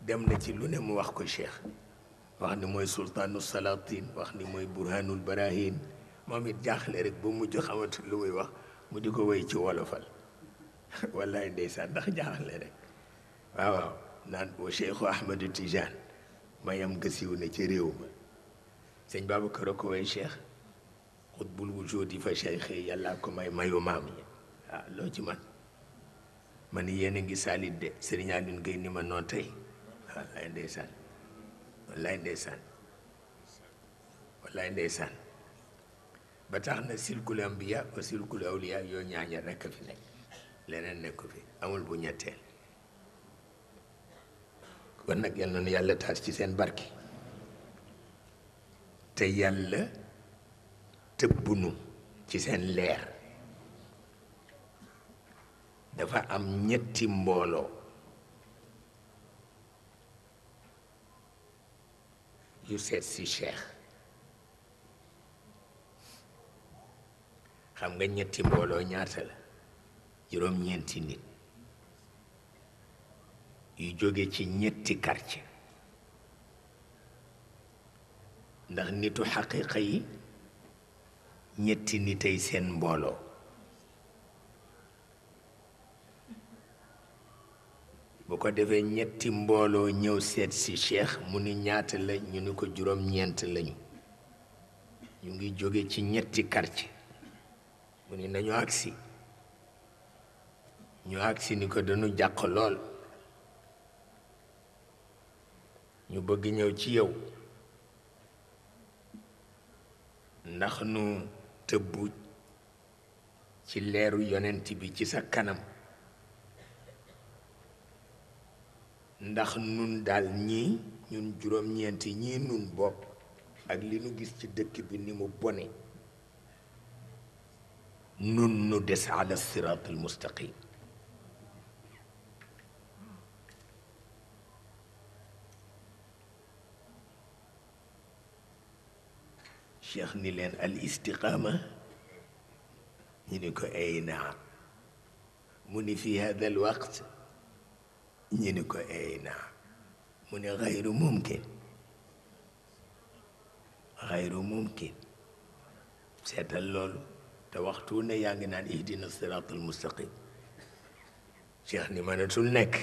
dem na ci lu ne mu wax ko cheikh wax ni mooy sultaanu salatin wax ni mooy burhanul barahin moom it jaaxle rek ba mujj xamatu lu muy wax mu di ko wéy ci wolofal *laughs* wallaay ndeysaan ndax jaaxle rek waaw waaw naan boo cheikhu ahmadu tijaan mayam nga siiw ne ci réew ma sëñ Babacar a ko way cheikh xutbul wujudi fa cheikh yàllaa ko may mayu maam yi loo ci man man ni yéen a ngi saalit de Serigne Alioune Gueye ni ma noon tey wallaay ndeysaan wallaay ndeysaan wallaay ba tax na circule ambiya ba circule awliya yoo ñaaña rekk fi nekk leneen nekk fi amul bu ñetteel kon nag yal na yàlla taas ci seen barki te yàlla tëbbunu ci seen leer dafa am ñetti mbooloo yu seet si cheikh xam nga ñetti mbooloo ñaata la juróom-ñeenti nit yu jóge ci ñetti quartier ndax nitu xaqiqa yi ñetti nitay seen mbooloo bu ko defee ñetti mbooloo ñëw seet si cheikh mu ni ñaata la ñu ni ko juróom ñeent lañu ñu ngi jóge ci ñetti quartier mu ni nañu agsi ñu agsi ni ko dañu jàq lool ñu bëgg ñëw ci yow ndax nu tëbbu ci leeru yonent bi ci sa kanam ndax nun dal ñi nun ñun juróom-ñeenti ñi nun bopp ak li nu gis ci dëkk bi ni mu bone nun nu des ala sirat al mustaqim cheikh ni leen al istiqaama ñu ni ko ay naam mu ni fi hada al waqt ñu ni ko eey eh, naa mu ne xayru mumkin xayru mumkin seetal loolu te waxtu ne yaa ngi naan ihdina siraatal mustaqim cheikh ni mënatul nekk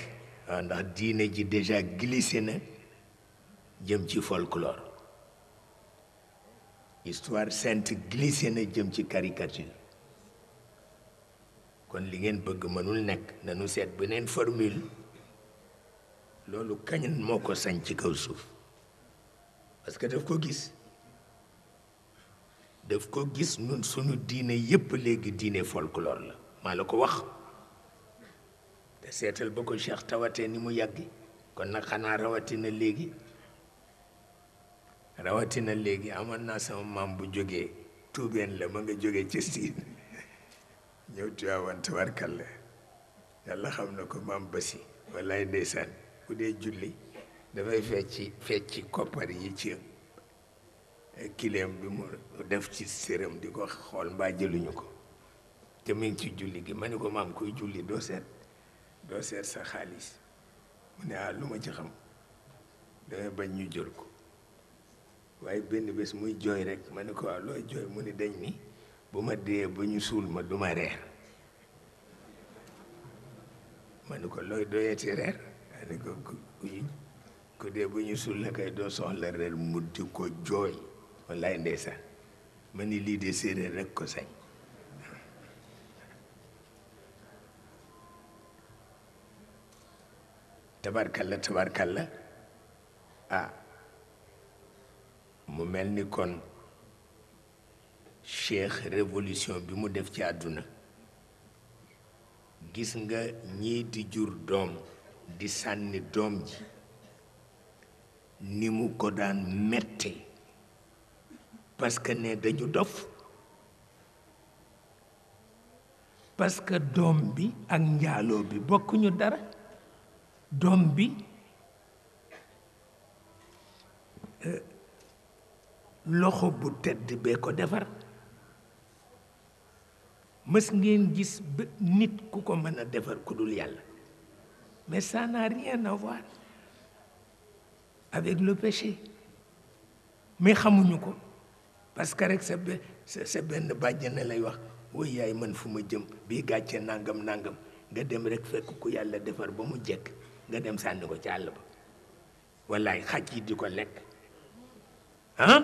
waaw ah, ndax diine ji déjà glissé na jëm ci folklore histoire sainte glissé na jëm ci caricature kon li ngeen bëgg mënul nekk nanu seet beneen formule loolu kañin moo ko sañ ci kaw suuf parce que daf ko gis daf ko gis nun suñu diine yépp léegi diine folklore la maa la ko wax te seetal ba ko Cheikh tawatee ni mu yàggi kon nag xanaa rawatina léegi rawatina léegi amoon naa sama maam bu jógee tuubeen la ma nga jógee ci siin ñëw tuwaawan tawarkal la yàlla xam na ko maam basi wallaay ndeysaan ku dee julli dafay fecci fecci koppar yi ci kileem bi mu def ci séram di ko xool mbaa jëluñu ko te mu ngi ci julli gi ma ni ko maam kuy julli doo seet doo seet sa xaalis mu ne ah lu ma ci xam damay bañ ñu jël ko waaye benn bés muy jooy rek ma ne ko waaw ah, looy jooy mu ni dañ ni bu ma dee ba ñu suul ma du ma reer ma ne ko looy doyati reer ne ko dee bu ñu sul la kay doo soxla reer mu di ko jooy wallaay ndeysaan ma ni lii de séeréer rek ko sañ tabarkalla tabarkalla ah mu mel ni kon cheikh révolution bi mu def ci àdduna gis nga ñii di jur doom di sànni doom ji ni mu ko daan metti parce que ne dañu dof parce que doom bi ak njaaloo bi bokkuñu dara doom bi euh, loxo bu tedd bee ko defar mës ngeen gis nit ku ko mën a defar ku dul yàlla Mais ça n'a rien à avec le péché. mais xamuñu ko parce que rek sa be sa benn bàjjane lay wax woy yaay man fu ma jëm bii gàcce nangam nangam nga dem rekk fekk ku yàlla defar ba mu jekk nga dem sànni ko ci àll ba wallaay xaj yi di ko lekk ah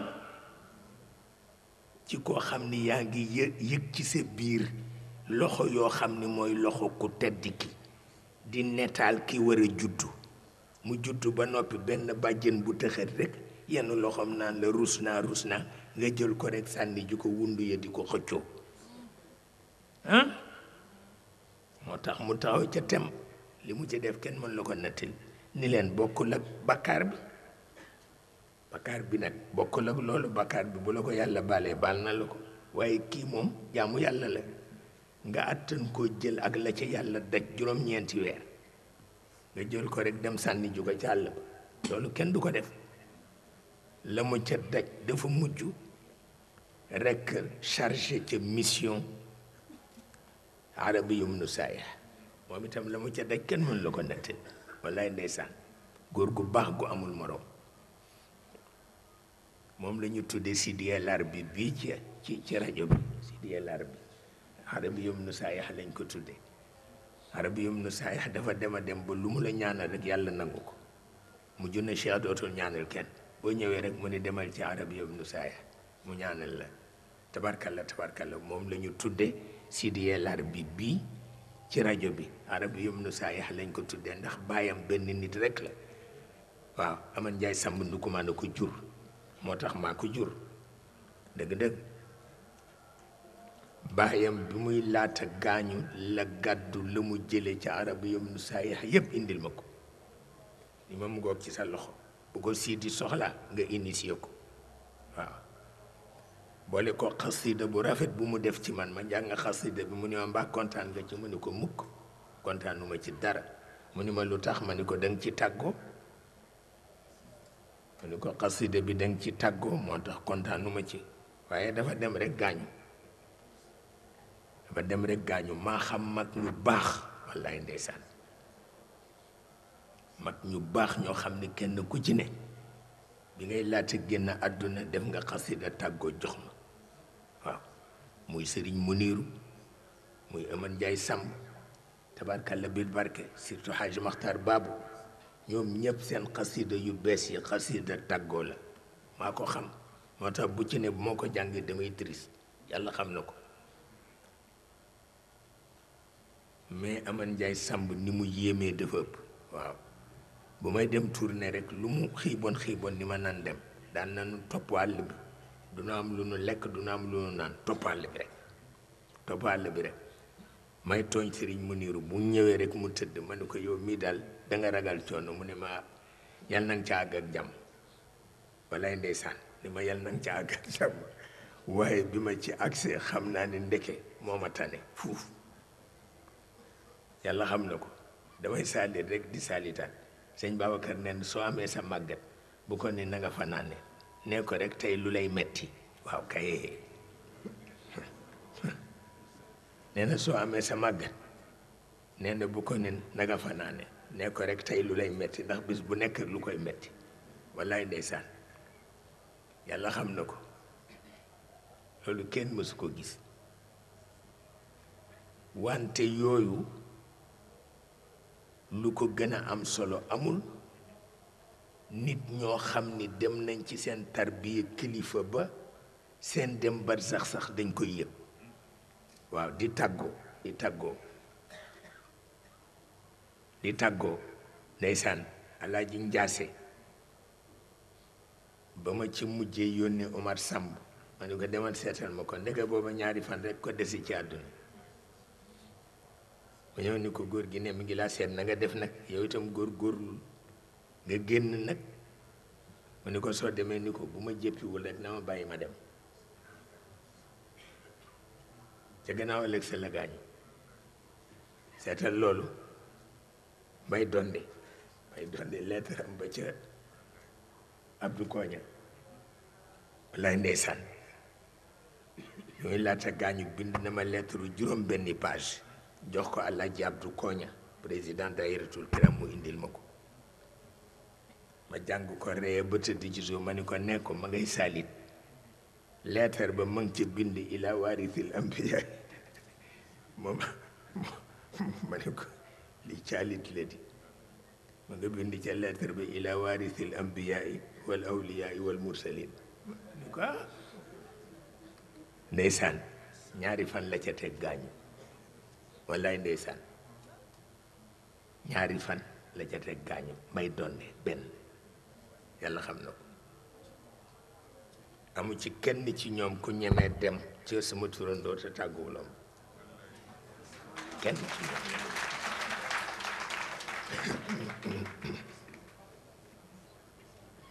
ci koo xam ni yaa ngi yëg yëg ci sa biir loxo yoo xam ni mooy loxo ku tedd ki di netaal ki war a juddu mu juddu ba noppi benn bàjjen bu tëxët rek yenn loxoom naan la rus naa rus naa nga jël ko rek sànni ju ko wundu ya di ko xëccoo ah moo tax mu taxaw ca tem li mu ci def kenn mën la ko nattil ni leen bokkul ak bakkaar bi bakkaar bi nag bokkul ak loolu bakkaar bi bu la ko yàlla baalee baal na la ko waaye kii moom jaamu yàlla la nga àttan koo jël ak la ca yàlla daj juróom-ñeenti weer nga jël ko rek dem sànni ju ko ca àll ba loolu kenn du ko def la mu ca daj dafa mujj rek chargé ca mission arabiyum nu saaya moom itam la mu ca daj kenn mënu la ko nettali wallaay ndeysaan góor gu baax gu amul morom moom la ñu tuddee Sidi El Arbi bi bii ci ci rajo bi Sidi El arabiyum nu saayax lañ ko tudde arabiyum nu saayax dafa dem a dem ba lu mu la ñaanal rek yàlla nangu ko mujj na cheikh dootul ñaanal kenn boo ñëwee rek mu ni demal ci arabiyum nu saayax mu ñaanal la tabarkalla tabarkalla moom la ñu tudde Sidiye Larbi bii ci rajo bi arabiyum nu saayax lañ ko tudde ndax baayam benn nit rek la waaw aman njaay sàmb ndukumaan ko jur moo tax maa ko jur dëgg-dëgg baayam bi muy laata gaañu la gàddu la mu jële ci arab yam nu saayix yépp indil ma ko ni ma mu ngoog ci sa loxo bu ko siidi soxlaa nga initié ko waaw boole ko xasida bu rafet bu mu def ci man ma jàng xasida bi mu ne ma mbaa kontaan nga ci mu ne ko mukk kontaanuma ci dara mu ne ma lu tax ma ne ko danga ci tàggoo ma ne ko xasida bi danga ci tàggoo moo tax kontaanuma ci waaye dafa dem rek gaañu dafa dem rek gaañu maa xam mag ñu baax wallaay ndeysaan mag ñu baax ñoo xam ni kenn ku ci ne bi ngay laata génn àdduna def nga xasida tàggoo jox ma waaw muy sëriñ Muniiru muy Aman Njaay Sàmb tabarkalla biir barke surtout Hajj Maxtar Baabu ñoom ñëpp seen xasida yu bees yi xasida tàggoo la maa ko xam moo tax bu ci ne moo ko jàngee damay triste yàlla xam na ko mais amal Njaay Sàmb ni mu yéemee dafa ëpp waaw bu may dem tournée rek lu mu xiibon xiibon ni ma naan dem daan nañu topp àll bi duna am lu nu lekk duna am lu nu naan topp àll bi rek topp àll bi rek may tooñ sëriñ mu niiru bu ñëwee rek mu tëdd ma ne ko yow mii daal danga ragal coono mu ne ma yal na ca àgg ak jàmm walaay ndeysaan ni ma yal na ca àgg ak jàmm waaye bi ma ci àggsee xam naa ne ndeke moo ma tane fuuf yàlla xam na ko damay saalit rek di saalitaan sëñ Babacar nen soo amee sa màggat bu ko ne na nga fa nee ko rek tey lu lay metti waaw kay *laughs* na soo amee sa màggat ne na nga fa naane rek tey lu lay metti ndax bis bu nekk lu koy metti wallaay ndeysaan yàlla xam na ko loolu kenn mësu ko gis wante yooyu lu ko gën a am solo amul nit ñoo xam ni dem nañ ci seen tarbiya kilifa ba seen dem bar sax sax dañ koy yëg waaw di tàggoo di tàggoo di tàggoo ndeysaan alaaji njaase ba ma ci mujjee yónni Omar Samb ma ne ko demal seetal ma ko ndeke booba ñaari fan rek ko desi ci àdduna mu ñëw ni ko góor gi ne mi ngi laa seet na nga def nag yow itam góor góorlu nga génn nag mu ni ko soo demee ni ko bu ma jëppiwul rek na ma bàyyi ma dem ca gannaaw ëllëg gaañu seetal loolu bay donde bay donde lettre ba ca Abdou Koña wallaay ndeysaan ñooy laata gaañu bind na ma lettre juróom benni page jox ko Alaaji Abdu Koña président Dahiratoul Kiram mu indil ma ko ma jàng ko ree ba tëdd ci ma ni ko nekk ko ma ngay saalit leetar ba ma ngi ci bind ila waarisil ambiya di ma nga bind ca leetar ba ila waarisil ambiyaay wal awliyaay wal mursalin ni ko ah. ndeysaan ñaari fan la ca teg gaañu wallaay ndeysaan ñaari fan la ca teg gaañu may donne benn yàlla xam na ko amu ci kenn ci ñoom ku ñemee dem ci sama turandoo te tàgguwulam kenn ci ñoom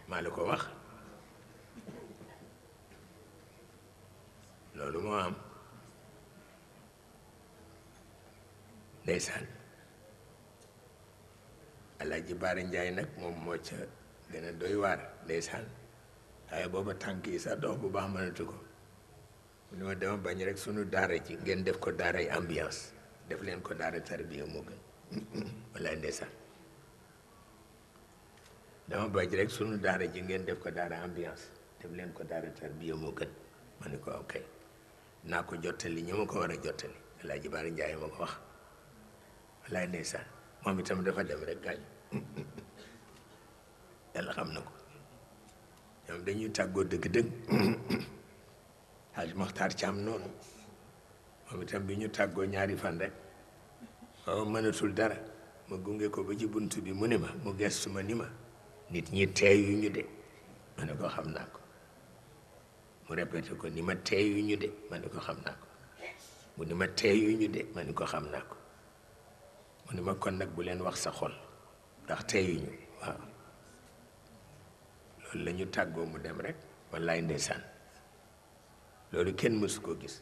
maa la ko wax loolu moo am ndeysaan Alaaji Baara Njaay nag moom moo ca gën a doy waar ndeysaan waaye booba tànk yi sax dox bu baax mënatu ko mu ne ma dama bañ rek sunu daara ji ngeen def ko daaray ambiance def leen ko daara tarbiya moo gën *laughs* walla ndeysaan dama bañ rek sunu daara ji ngeen ko daara ambiance def leen ko daara tarbiya moo gën ma ne ko ok naa ko jottali ñi ma ko war a jottali Alaaji Baara Njaay ma ko wax wallaay ndeysaan moom itam dafa dem rek gaañu yàlla xam na ko ñoom dañuy tàggoo dëgg-dëgg Haaj Maxtaar am noonu moom itam bi ñu tàggoo ñaari fan rek waaw mënatul dara ma gunge ko ba ci bunt bi mu ne ma mu gestu ma ni ma nit ñi yu ñu de ma ne ko xam naa ko mu répété ko ni ma yu ñu de ma ne ko xam naa ko mu ni ma teeyu ñu de ma ni ko xam naa ko mu ma kon nag bu leen wax sa xol ndax teyuñu waaw loolu la ñu tàggoo mu dem rek wallaay ndeysaan loolu kenn mësu koo gis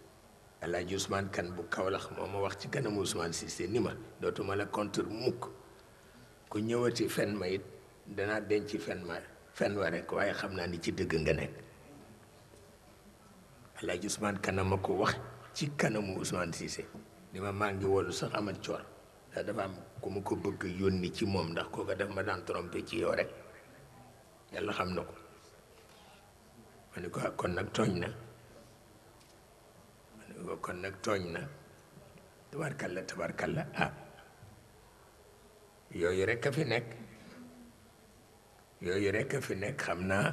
Alaaji Ousmane Kan bu Kawlax moo ma wax ci kanamu Ousmane Cissé ni ma dootuma la contre mukk ku ñëwati fen ma it denc fen fen wa rek waaye xam naa ni ci dëgg nga nekk Alaaji Ousmane Kan ma ko wax ci kanamu Ousmane Cissé ni ma maa ngi wolu sax amat coor ndax dafa am ku ma ko bëgg yónni ci moom ndax kooka daf ma daan trompé ci yow rek yàlla xam na ko ma ne ko ak ah, kon nag tooñ na ma ne ko kon nag tooñ na tabarkalla tabarkalla ah yooyu rek a fi nekk yooyu rek a fi nekk xam naa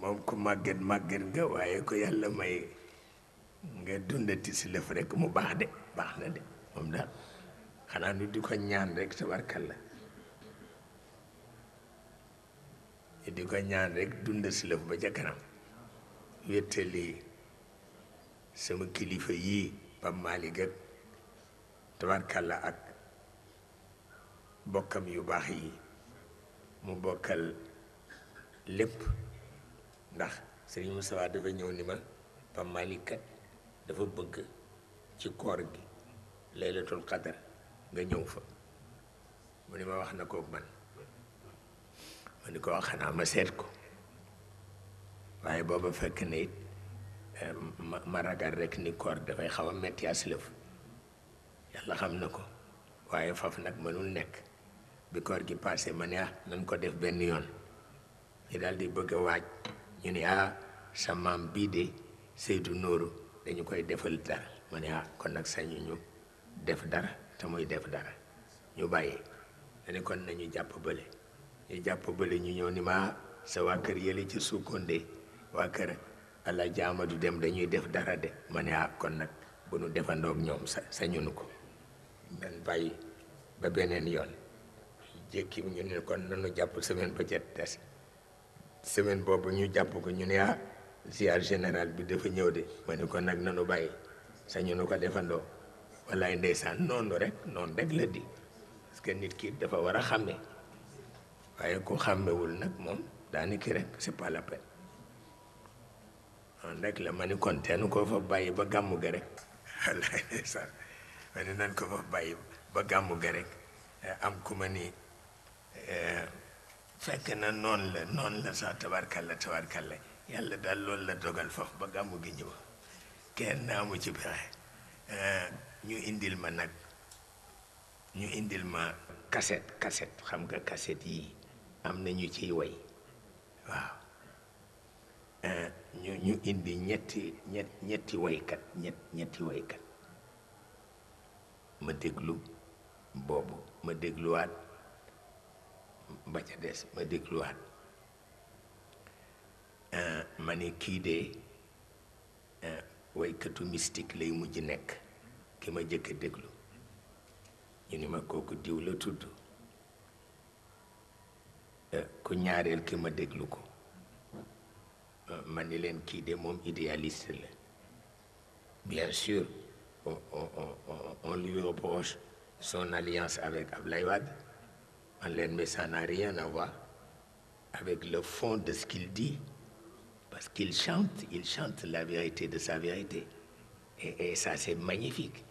moom ko màgget màgget nga waaye ko yàlla may nga dundati si lëf rek mu baax de baax na de moom daal xanaa nu di ko ñaan rek tabarkalla ñu di ko ñaan rek dund si ba ca kanam wéttali sama kilifa yii ba Maalik ak ak bokkam yu baax yi mu bokkal lépp ndax Sëriñ Moustapha dafa ñëw ni ma dafa bëgg ci koor gi laylatul qadar nga ñëw fa mu ni ma wax na koog man ma ni ko wax xanaa ma seet ko waaye booba fekk na it eh, ma ragal rek ni koor dafay xaw a metti as lëf yàlla xam na ko waaye faf nag mënul nekk bi koor gi passé ma ne ah nañ ko def benn yoon ñu daal di bëgg a waaj ñu ne ah sa maam bii de Seydou Nourou dañu koy defal dara ma ne ah kon nag sañu def dara te muy def dara ñu bàyyi ma ne kon nañu jàpp bële ñu jàpp bële ñu ñëw ni ma sa waa kër yële ci Sokone waa kër ala jaamadu dem dañuy def dara de ma ah kon nag bu nu defandoog ñoom sa sa ñunu ko man bàyyi beneen yoon jékki ñu ne kon nanu jàpp semaine ba ca des semaine boobu ñu jàpp ko ñu ne ah ziar général bi dafa ñëw de mane kon nag nanu bàyyi sa ñunu ko defandoo wallaay ndeysaan noonu rek noonu rek la di parce que nit kii dafa war a xàmme waaye ku xàmmewul nag moom daaniki rek c'est pas noonu rek la ma ni konteenu ko fa ba gàmmu ga rek wallaay ko fa bàyyi ba gàmmu ga rek *laughs* eh, am ku ma ni eh, fekk na noonu la noonu la sax tabarkalla tabarkalla yàlla daal loolu la dogal foofu ba gàmmu gi ñëw kenn naamu ci pexe eh, ñu indil ma nag ñu indil ma kaset kaset xam nga kaset yi am na ñu ciy woy waaw euh, ñu ñu indi ñetti ñet ñetti waykat ñetti waykat ma déglu boobu ma dégluwaat ba ca des ma dégluwaat euh, ma ne kii de euh, woykatu mystique lay mujj nekk Eh, eh, ki ma jëkk a déglu ñu ni ma kooku diw la tudd ku ñaareel ki ma déglu ko ma ni leen kii de idéaliste la bien sûr on lui reproche son alliance avec Ablaye Wade man mais ça n'a rien à voir avec le fond de ce qu'il dit parce qu'il chante il chante la vérité de sa vérité et, et ça c'est magnifique